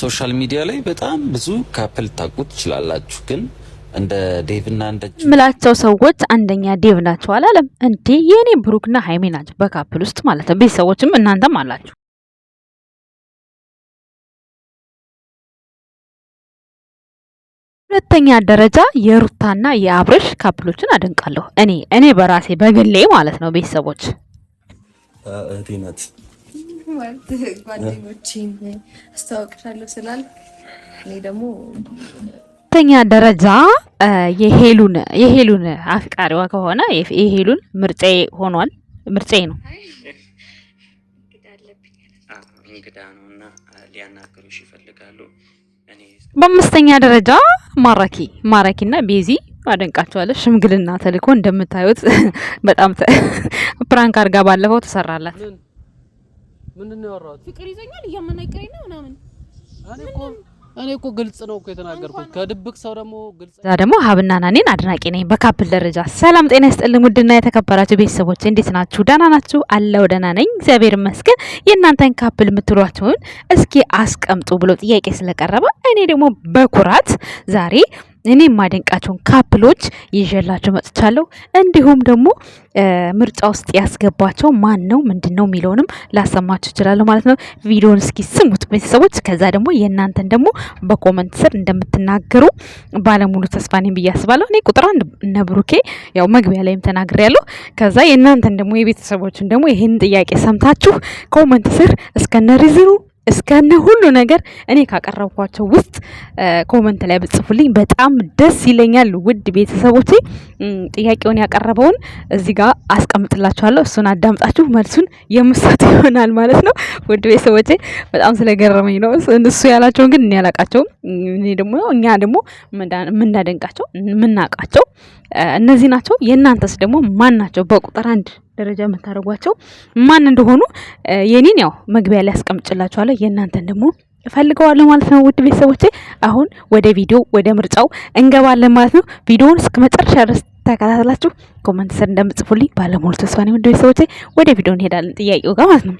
ሶሻል ሚዲያ ላይ በጣም ብዙ ካፕል ታውቁት ትችላላችሁ ግን እንደ ዴቭና እንደ ምላቸው ሰዎች አንደኛ ዴቭ ናቸው አላለም እንዴ? የእኔ ብሩክና ሀይሜ ናቸው በካፕል ውስጥ ማለት ነው። ቤተሰቦችም እናንተም አላችሁ። ሁለተኛ ደረጃ የሩታና የአብርሽ ካፕሎችን አደንቃለሁ። እኔ እኔ በራሴ በግሌ ማለት ነው ቤተሰቦች እህቴ ናት ማለት ጓደኞቼን አስተዋውቅሻለሁ ስላልክ እኔ ደግሞ ተኛ ደረጃ የሄሉን የሄሉን አፍቃሪዋ ከሆነ የሄሉን ምርጬ ሆኗል። ምርጬ ነው። እንግዳ ነውና ሊያናግሩሽ ይፈልጋሉ። በአምስተኛ ደረጃ ማራኪ ማራኪና ቤዚ አደንቃቸዋለሁ። ሽምግልና ተልኮ እንደምታዩት በጣም ፕራንክ አድርጋ ባለፈው ተሰራላት። ምንድን ነው ያወራሁት? ፍቅር ይዘኛል እያመና ይቀሬ ነው ምናምን እኔ እኮ ግልጽ ነው እኮ የተናገርኩት። ከድብቅ ሰው ደግሞ ግልጽ እዛ ደግሞ ሀብና ናኔን አድናቂ ነኝ በካፕል ደረጃ። ሰላም ጤና ይስጥልኝ ውድና የተከበራችሁ ቤተሰቦች እንዴት ናችሁ? ደህና ናችሁ? አለው ደህና ነኝ እግዚአብሔር ይመስገን። የእናንተን ካፕል የምትሏቸውን እስኪ አስቀምጡ ብሎ ጥያቄ ስለቀረበ እኔ ደግሞ በኩራት ዛሬ እኔ የማደንቃቸውን ካፕሎች ይዤላቸው መጥቻለሁ። እንዲሁም ደግሞ ምርጫ ውስጥ ያስገባቸው ማን ነው ምንድን ነው የሚለውንም ላሰማችሁ እችላለሁ ማለት ነው። ቪዲዮን እስኪ ስሙት ቤተሰቦች፣ ከዛ ደግሞ የእናንተን ደግሞ በኮመንት ስር እንደምትናገሩ ባለሙሉ ተስፋ ነኝ ብዬ አስባለሁ። እኔ ቁጥር አንድ እነ ብሩኬ ያው መግቢያ ላይም ተናግሬያለሁ። ከዛ የእናንተን ደግሞ የቤተሰቦችን ደግሞ ይህን ጥያቄ ሰምታችሁ ኮመንት ስር እስከነ ሪዝኑ እስከነ ሁሉ ነገር እኔ ካቀረብኳቸው ውስጥ ኮመንት ላይ ብጽፉልኝ በጣም ደስ ይለኛል። ውድ ቤተሰቦቼ ጥያቄውን ያቀረበውን እዚህ ጋር አስቀምጥላችኋለሁ። እሱን አዳምጣችሁ መልሱን የምሰጡ ይሆናል ማለት ነው። ውድ ቤተሰቦቼ በጣም ስለገረመኝ ነው። እሱ ያላቸውን ግን እኔ ያላቃቸውም እኔ ደግሞ እኛ ደግሞ የምናደንቃቸው የምናውቃቸው እነዚህ ናቸው። የእናንተስ ደግሞ ማን ናቸው? በቁጥር አንድ ደረጃ የምታደርጓቸው ማን እንደሆኑ የኔን ያው መግቢያ ላይ ያስቀምጭላችኋለሁ። የእናንተን ደግሞ እፈልገዋለሁ ማለት ነው። ውድ ቤተሰቦቼ አሁን ወደ ቪዲዮ ወደ ምርጫው እንገባለን ማለት ነው። ቪዲዮውን እስከ መጨረሻ ድረስ ተከታተላችሁ ኮመንት ስር እንደምጽፉልኝ ባለሙሉ ተስፋ ነኝ። ውድ ቤተሰቦቼ ወደ ቪዲዮ እንሄዳለን ጥያቄው ጋር ማለት ነው።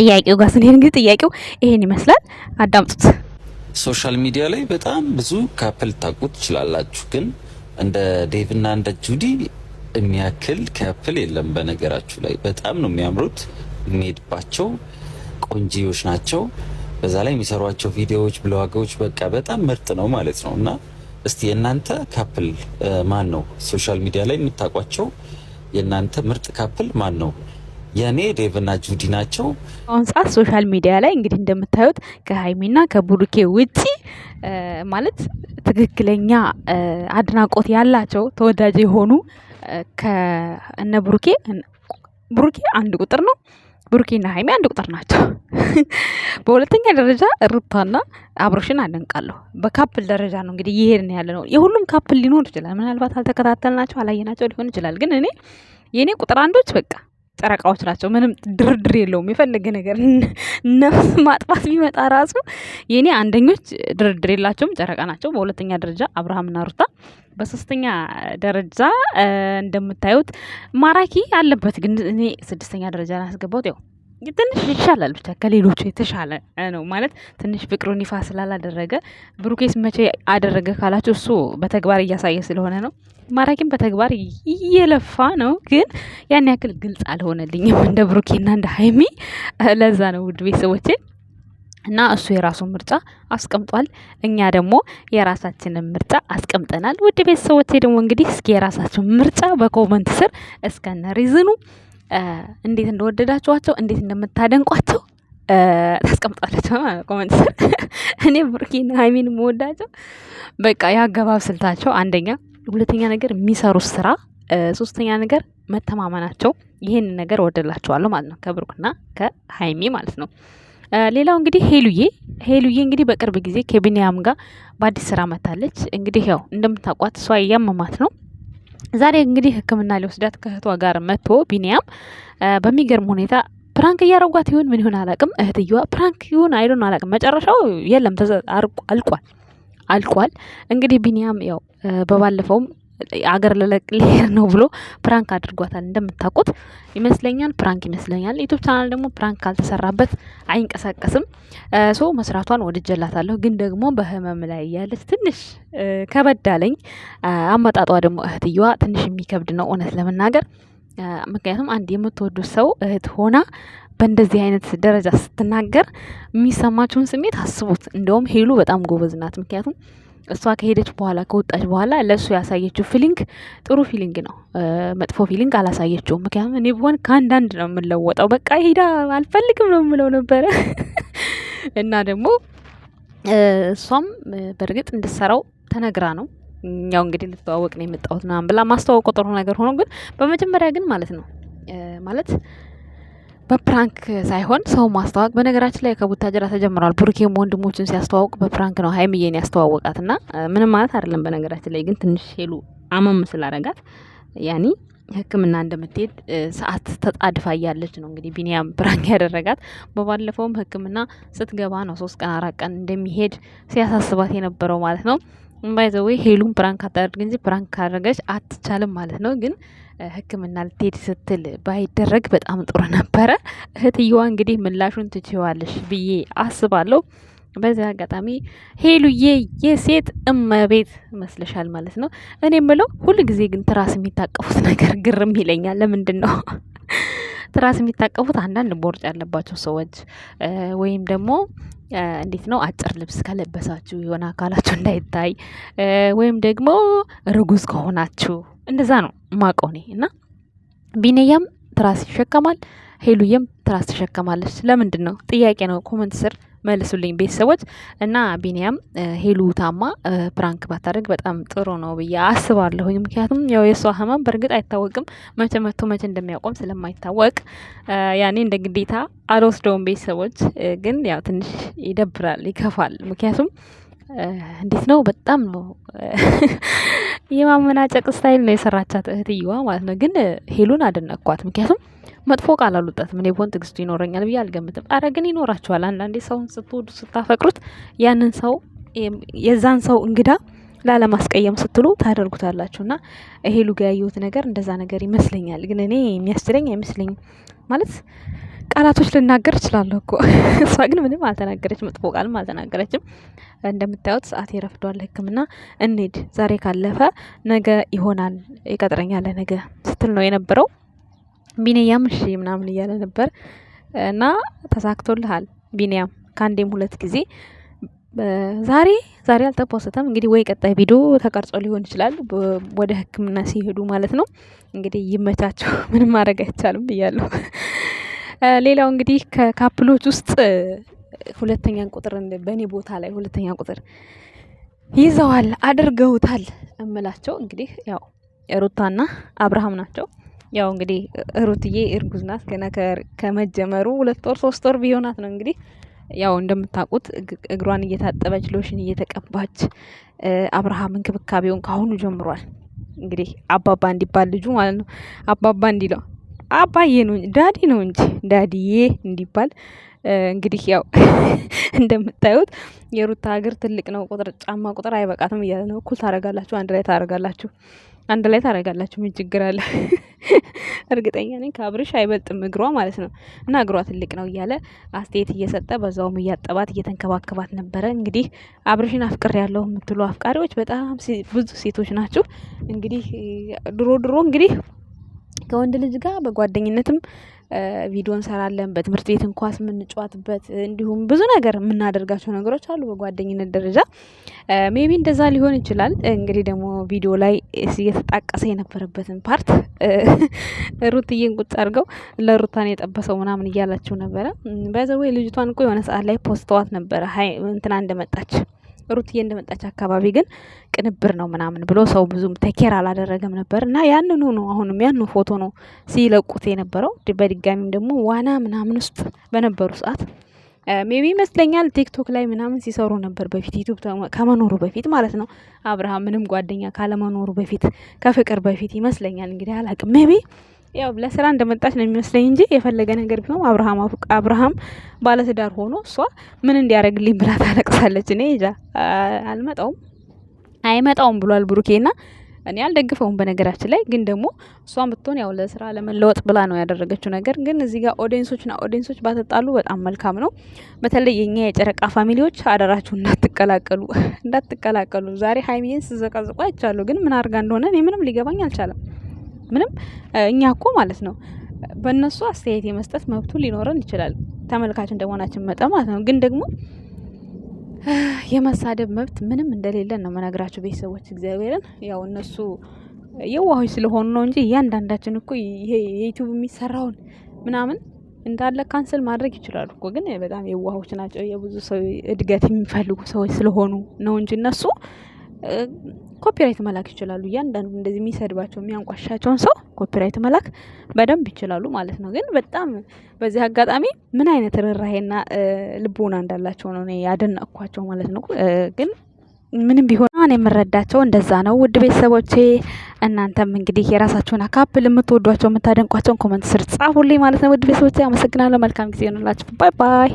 ጥያቄው ጋር ስንሄድ እንግዲህ ጥያቄው ይሄን ይመስላል። አዳምጡት። ሶሻል ሚዲያ ላይ በጣም ብዙ ካፕል ታውቁ ትችላላችሁ፣ ግን እንደ ዴቭና እንደ ጁዲ የሚያክል ከፕል የለም። በነገራችሁ ላይ በጣም ነው የሚያምሩት። የሚሄድባቸው ቆንጂዎች ናቸው። በዛ ላይ የሚሰሯቸው ቪዲዮዎች፣ ብሎጎች በቃ በጣም ምርጥ ነው ማለት ነው። እና እስቲ የእናንተ ካፕል ማን ነው? ሶሻል ሚዲያ ላይ የምታውቋቸው የእናንተ ምርጥ ካፕል ማን ነው? የእኔ ዴቭና ጁዲ ናቸው። አሁን ሰዓት ሶሻል ሚዲያ ላይ እንግዲህ እንደምታዩት ከሀይሚና ከቡሩኬ ውጪ ማለት ትክክለኛ አድናቆት ያላቸው ተወዳጅ የሆኑ ከእነ ብሩኬ ብሩኬ አንድ ቁጥር ነው። ብሩኬና ሀይሚ አንድ ቁጥር ናቸው። በሁለተኛ ደረጃ ሩታና አብሮሽን አደንቃለሁ። በካፕል ደረጃ ነው እንግዲህ እየሄድን ያለ ነው። የሁሉም ካፕል ሊኖር ይችላል። ምናልባት አልተከታተልናቸው አላየናቸው ሊሆን ይችላል። ግን እኔ የእኔ ቁጥር አንዶች በቃ ጨረቃዎች ናቸው። ምንም ድርድር የለውም። የፈለገ ነገር ነፍስ ማጥፋት ቢመጣ ራሱ የኔ አንደኞች ድርድር የላቸውም ጨረቃ ናቸው። በሁለተኛ ደረጃ አብርሃምና ሩታ፣ በሶስተኛ ደረጃ እንደምታዩት ማራኪ አለበት፣ ግን እኔ ስድስተኛ ደረጃ ያስገባሁት ያው ትንሽ ይሻላል ብቻ ከሌሎቹ የተሻለ ነው ማለት ትንሽ ፍቅሩን ይፋ ስላላደረገ ብሩኬስ መቼ አደረገ ካላችሁ እሱ በተግባር እያሳየ ስለሆነ ነው። ማራኪም በተግባር እየለፋ ነው፣ ግን ያን ያክል ግልጽ አልሆነልኝም እንደ ብሩኬና እንደ ሀይሚ። ለዛ ነው ውድ ቤተሰቦቼ እና እሱ የራሱን ምርጫ አስቀምጧል። እኛ ደግሞ የራሳችንን ምርጫ አስቀምጠናል። ውድ ቤተሰቦቼ ደግሞ እንግዲህ እስኪ የራሳችሁን ምርጫ በኮመንት ስር እስከነ ሪዝኑ እንዴት እንደወደዳችኋቸው እንዴት እንደምታደንቋቸው ታስቀምጣለች ኮመንት ስር። እኔ ብሩኬን ሀይሚን የምወዳቸው በቃ የአገባብ ስልታቸው አንደኛ፣ ሁለተኛ ነገር የሚሰሩት ስራ፣ ሶስተኛ ነገር መተማመናቸው። ይህን ነገር ወደላቸዋለሁ ማለት ነው ከብሩክና ከሀይሚ ማለት ነው። ሌላው እንግዲህ ሄሉዬ ሄሉዬ እንግዲህ በቅርብ ጊዜ ከቢኒያም ጋር በአዲስ ስራ መታለች። እንግዲህ ያው እንደምታውቋት እሷ እያመማት ነው ዛሬ እንግዲህ ሕክምና ሊወስዳት ከእህቷ ጋር መጥቶ ቢኒያም በሚገርም ሁኔታ ፕራንክ እያረጓት ይሁን ምን ይሁን አላቅም። እህትየዋ ፕራንክ ይሁን አይዶን አላቅም። መጨረሻው የለም አልቋል አልቋል። እንግዲህ ቢኒያም ያው በባለፈውም አገር ለለቅ ነው ብሎ ፕራንክ አድርጓታል። እንደምታውቁት ይመስለኛል፣ ፕራንክ ይመስለኛል። ዩቱብ ቻናል ደግሞ ፕራንክ ካልተሰራበት አይንቀሳቀስም። ሶ መስራቷን ወድጀላታለሁ፣ ግን ደግሞ በህመም ላይ እያለች ትንሽ ከበዳለኝ አመጣጧ ደግሞ እህትየዋ ትንሽ የሚከብድ ነው እውነት ለመናገር ምክንያቱም አንድ የምትወዱት ሰው እህት ሆና በእንደዚህ አይነት ደረጃ ስትናገር የሚሰማችሁን ስሜት አስቡት። እንደውም ሄሉ በጣም ጎበዝ ናት። ምክንያቱም እሷ ከሄደች በኋላ ከወጣች በኋላ ለእሱ ያሳየችው ፊሊንግ ጥሩ ፊሊንግ ነው። መጥፎ ፊሊንግ አላሳየችውም። ምክንያቱም እኔ ብሆን ከአንዳንድ ነው የምለወጠው። በቃ ሄዳ አልፈልግም ነው የምለው ነበረ እና ደግሞ እሷም በእርግጥ እንድሰራው ተነግራ ነው ያው እንግዲህ ልትተዋወቅ ነው የመጣሁት ምናምን ብላ ማስተዋወቁ ጥሩ ነገር ሆኖ ግን በመጀመሪያ ግን ማለት ነው ማለት በፕራንክ ሳይሆን ሰው ማስተዋወቅ። በነገራችን ላይ ከቡታጀራ ተጀምሯል። ብሩኬም ወንድሞችን ሲያስተዋውቅ በፕራንክ ነው ሀይምዬን ያስተዋወቃት እና ምንም ማለት አይደለም። በነገራችን ላይ ግን ትንሽ ሄሉ አመም ስላረጋት ያኒ ሕክምና እንደምትሄድ ሰዓት ተጣድፋ እያለች ነው እንግዲህ ቢኒያም ፕራንክ ያደረጋት። በባለፈውም ሕክምና ስትገባ ነው ሶስት ቀን አራት ቀን እንደሚሄድ ሲያሳስባት የነበረው ማለት ነው። ባይዘዌ ሄሉም ፕራንክ አታደርግ እንጂ ፕራንክ ካደረገች አትቻልም ማለት ነው ግን ሕክምና ልትሄድ ስትል ባይደረግ በጣም ጥሩ ነበረ። እህትየዋ እንግዲህ ምላሹን ትችዋለሽ ብዬ አስባለሁ። በዚህ አጋጣሚ ሄሉዬ የሴት እመቤት መስለሻል ማለት ነው። እኔ የምለው ሁል ጊዜ ግን ትራስ የሚታቀፉት ነገር ግርም ይለኛል። ለምንድን ነው? ትራስ የሚታቀፉት አንዳንድ ቦርጭ ያለባቸው ሰዎች ወይም ደግሞ እንዴት ነው አጭር ልብስ ከለበሳችሁ የሆነ አካላችሁ እንዳይታይ ወይም ደግሞ ርጉዝ ከሆናችሁ እንደዛ ነው ማቀው እኔ እና ቢኔያም ትራስ ይሸከማል። ሄሉየም ትራስ ትሸከማለች። ለምንድን ነው ጥያቄ ነው። ኮመንት ስር መልሱልኝ ቤተሰቦች። እና ቢኒያም ሄሉ ታማ ፕራንክ ባታደርግ በጣም ጥሩ ነው ብዬ አስባለሁኝ። ምክንያቱም ያው የእሷ ህመም በእርግጥ አይታወቅም፣ መቼ መቶ መቼ እንደሚያቆም ስለማይታወቅ ያኔ እንደ ግዴታ አልወስደውም ቤተሰቦች። ግን ያው ትንሽ ይደብራል፣ ይከፋል። ምክንያቱም እንዴት ነው በጣም ነው የማመናጨቅ ስታይል ነው የሰራቻት እህትየዋ ማለት ነው። ግን ሄሉን አደነኳት ምክንያቱም መጥፎ ቃል አልወጣትም። እኔ ብሆን ትግስቱ ይኖረኛል ብዬ አልገምትም። አረ ግን ይኖራችኋል። አንዳንዴ ሰውን ስትወዱ ስታፈቅሩት፣ ያንን ሰው የዛን ሰው እንግዳ ላለማስቀየም ስትሉ ታደርጉታላችሁ። እና ይሄ ሉጋ ያየሁት ነገር እንደዛ ነገር ይመስለኛል። ግን እኔ የሚያስችለኝ አይመስለኝም ማለት ቃላቶች ልናገር እችላለሁ እኮ። እሷ ግን ምንም አልተናገረች፣ መጥፎ ቃልም አልተናገረችም። እንደምታዩት ሰዓት የረፍዷል። ሕክምና እንሂድ። ዛሬ ካለፈ ነገ ይሆናል ይቀጥረኛል ነገ ስትል ነው የነበረው። ቢኒያም እሺ ምናምን እያለ ነበር እና ተሳክቶልሃል ቢኒያም ከአንዴም ሁለት ጊዜ ዛሬ ዛሬ አልተፖሰተም። እንግዲህ ወይ ቀጣይ ቪዲዮ ተቀርጾ ሊሆን ይችላል፣ ወደ ሕክምና ሲሄዱ ማለት ነው። እንግዲህ ይመቻቸው፣ ምንም ማድረግ አይቻልም ብያለሁ። ሌላው እንግዲህ ከካፕሎች ውስጥ ሁለተኛን ቁጥር በእኔ ቦታ ላይ ሁለተኛ ቁጥር ይዘዋል፣ አድርገውታል እምላቸው እንግዲህ ያው ሩታና አብርሃም ናቸው። ያው እንግዲህ ሩትዬ እርጉዝ ናት። ገና ከመጀመሩ ሁለት ወር ሶስት ወር ቢሆናት ነው እንግዲህ ያው እንደምታውቁት እግሯን እየታጠበች ሎሽን እየተቀባች አብርሃም እንክብካቤውን ካሁኑ ጀምሯል። እንግዲህ አባባ እንዲባል ልጁ ማለት ነው አባባ እንዲለው አባዬ ነው ዳዲ ነው እንጂ ዳዲዬ እንዲባል እንግዲህ ያው እንደምታዩት የሩታ ሀገር ትልቅ ነው። ቁጥር ጫማ ቁጥር አይበቃትም እያለ ነው። እኩል ታረጋላችሁ፣ አንድ ላይ ታረጋላችሁ፣ አንድ ላይ ታረጋላችሁ። ምን ችግር አለ? እርግጠኛ ነኝ ከአብርሽ አይበልጥም እግሯ ማለት ነው። እና እግሯ ትልቅ ነው እያለ አስተያየት እየሰጠ በዛውም እያጠባት እየተንከባከባት ነበረ። እንግዲህ አብርሽን አፍቅር ያለው የምትሉ አፍቃሪዎች በጣም ብዙ ሴቶች ናችሁ። እንግዲህ ድሮ ድሮ እንግዲህ ከወንድ ልጅ ጋር በጓደኝነትም ቪዲዮ እንሰራለን፣ በትምህርት ቤት እንኳስ የምንጫወትበት እንዲሁም ብዙ ነገር የምናደርጋቸው ነገሮች አሉ። በጓደኝነት ደረጃ ሜቢ እንደዛ ሊሆን ይችላል። እንግዲህ ደግሞ ቪዲዮ ላይ እየተጣቀሰ የነበረበትን ፓርት ሩትዬን ቁጭ አድርገው ለሩታን የጠበሰው ምናምን እያላቸው ነበረ። በዘወይ ልጅቷን እኮ የሆነ ሰዓት ላይ ፖስተዋት ነበረ እንትና እንደመጣች ሩትዬ እንደመጣች አካባቢ ግን ቅንብር ነው ምናምን ብሎ ሰው ብዙም ተኬር አላደረገም ነበር እና ያንኑ ነው አሁንም ያንኑ ፎቶ ነው ሲለቁት የነበረው። በድጋሚም ደግሞ ዋና ምናምን ውስጥ በነበሩ ሰዓት ሜቢ ይመስለኛል ቲክቶክ ላይ ምናምን ሲሰሩ ነበር በፊት ዩቱብ ከመኖሩ በፊት ማለት ነው። አብርሃም ምንም ጓደኛ ካለመኖሩ በፊት ከፍቅር በፊት ይመስለኛል እንግዲህ አላቅም ሜቢ ያው ለስራ እንደመጣች ነው የሚመስለኝ እንጂ የፈለገ ነገር ቢሆን አብርሃም አብርሃም ባለትዳር ሆኖ እሷ ምን እንዲያደርግልኝ ብላ ታለቅሳለች። እኔ ጃ አልመጣውም አይመጣውም ብሏል ብሩኬና እኔ አልደግፈውም። በነገራችን ላይ ግን ደግሞ እሷ ብትሆን ያው ለስራ ለመለወጥ ብላ ነው ያደረገችው ነገር። ግን እዚህ ጋር ኦዲየንሶችና ኦዲንሶች ባተጣሉ በጣም መልካም ነው። በተለይ የኛ የጨረቃ ፋሚሊዎች አደራችሁ እንዳትቀላቀሉ እንዳትቀላቀሉ። ዛሬ ሀይሚዬን ስዘቃዝቁ አይቻለሁ፣ ግን ምን አድርጋ እንደሆነ እኔ ምንም ሊገባኝ አልቻለም። ምንም እኛ እኮ ማለት ነው በእነሱ አስተያየት የመስጠት መብቱ ሊኖረን ይችላል፣ ተመልካች እንደመሆናችን መጠን ማለት ነው። ግን ደግሞ የመሳደብ መብት ምንም እንደሌለን ነው መነግራቸው። ቤተሰቦች። እግዚአብሔርን ያው እነሱ የዋሆች ስለሆኑ ነው እንጂ እያንዳንዳችን እኮ ይሄ የሚሰራውን ምናምን እንዳለ ካንስል ማድረግ ይችላሉ እኮ ግን በጣም የዋሆች ናቸው። የብዙ ሰው እድገት የሚፈልጉ ሰዎች ስለሆኑ ነው እንጂ እነሱ ኮፒራይት መላክ ይችላሉ። እያንዳንዱ እንደዚህ የሚሰድባቸው የሚያንቋሻቸውን ሰው ኮፒራይት መላክ በደንብ ይችላሉ ማለት ነው። ግን በጣም በዚህ አጋጣሚ ምን አይነት ርኅራሄና ልቦና እንዳላቸው ነው እኔ ያደነቅኳቸው ማለት ነው። ግን ምንም ቢሆን የምረዳቸው እንደዛ ነው። ውድ ቤተሰቦቼ እናንተም እንግዲህ የራሳችሁን አካፕል የምትወዷቸው የምታደንቋቸውን ኮመንት ስር ጻፉልኝ ማለት ነው። ውድ ቤተሰቦቼ አመሰግናለሁ። መልካም ጊዜ ይሆንላችሁ። ባይ ባይ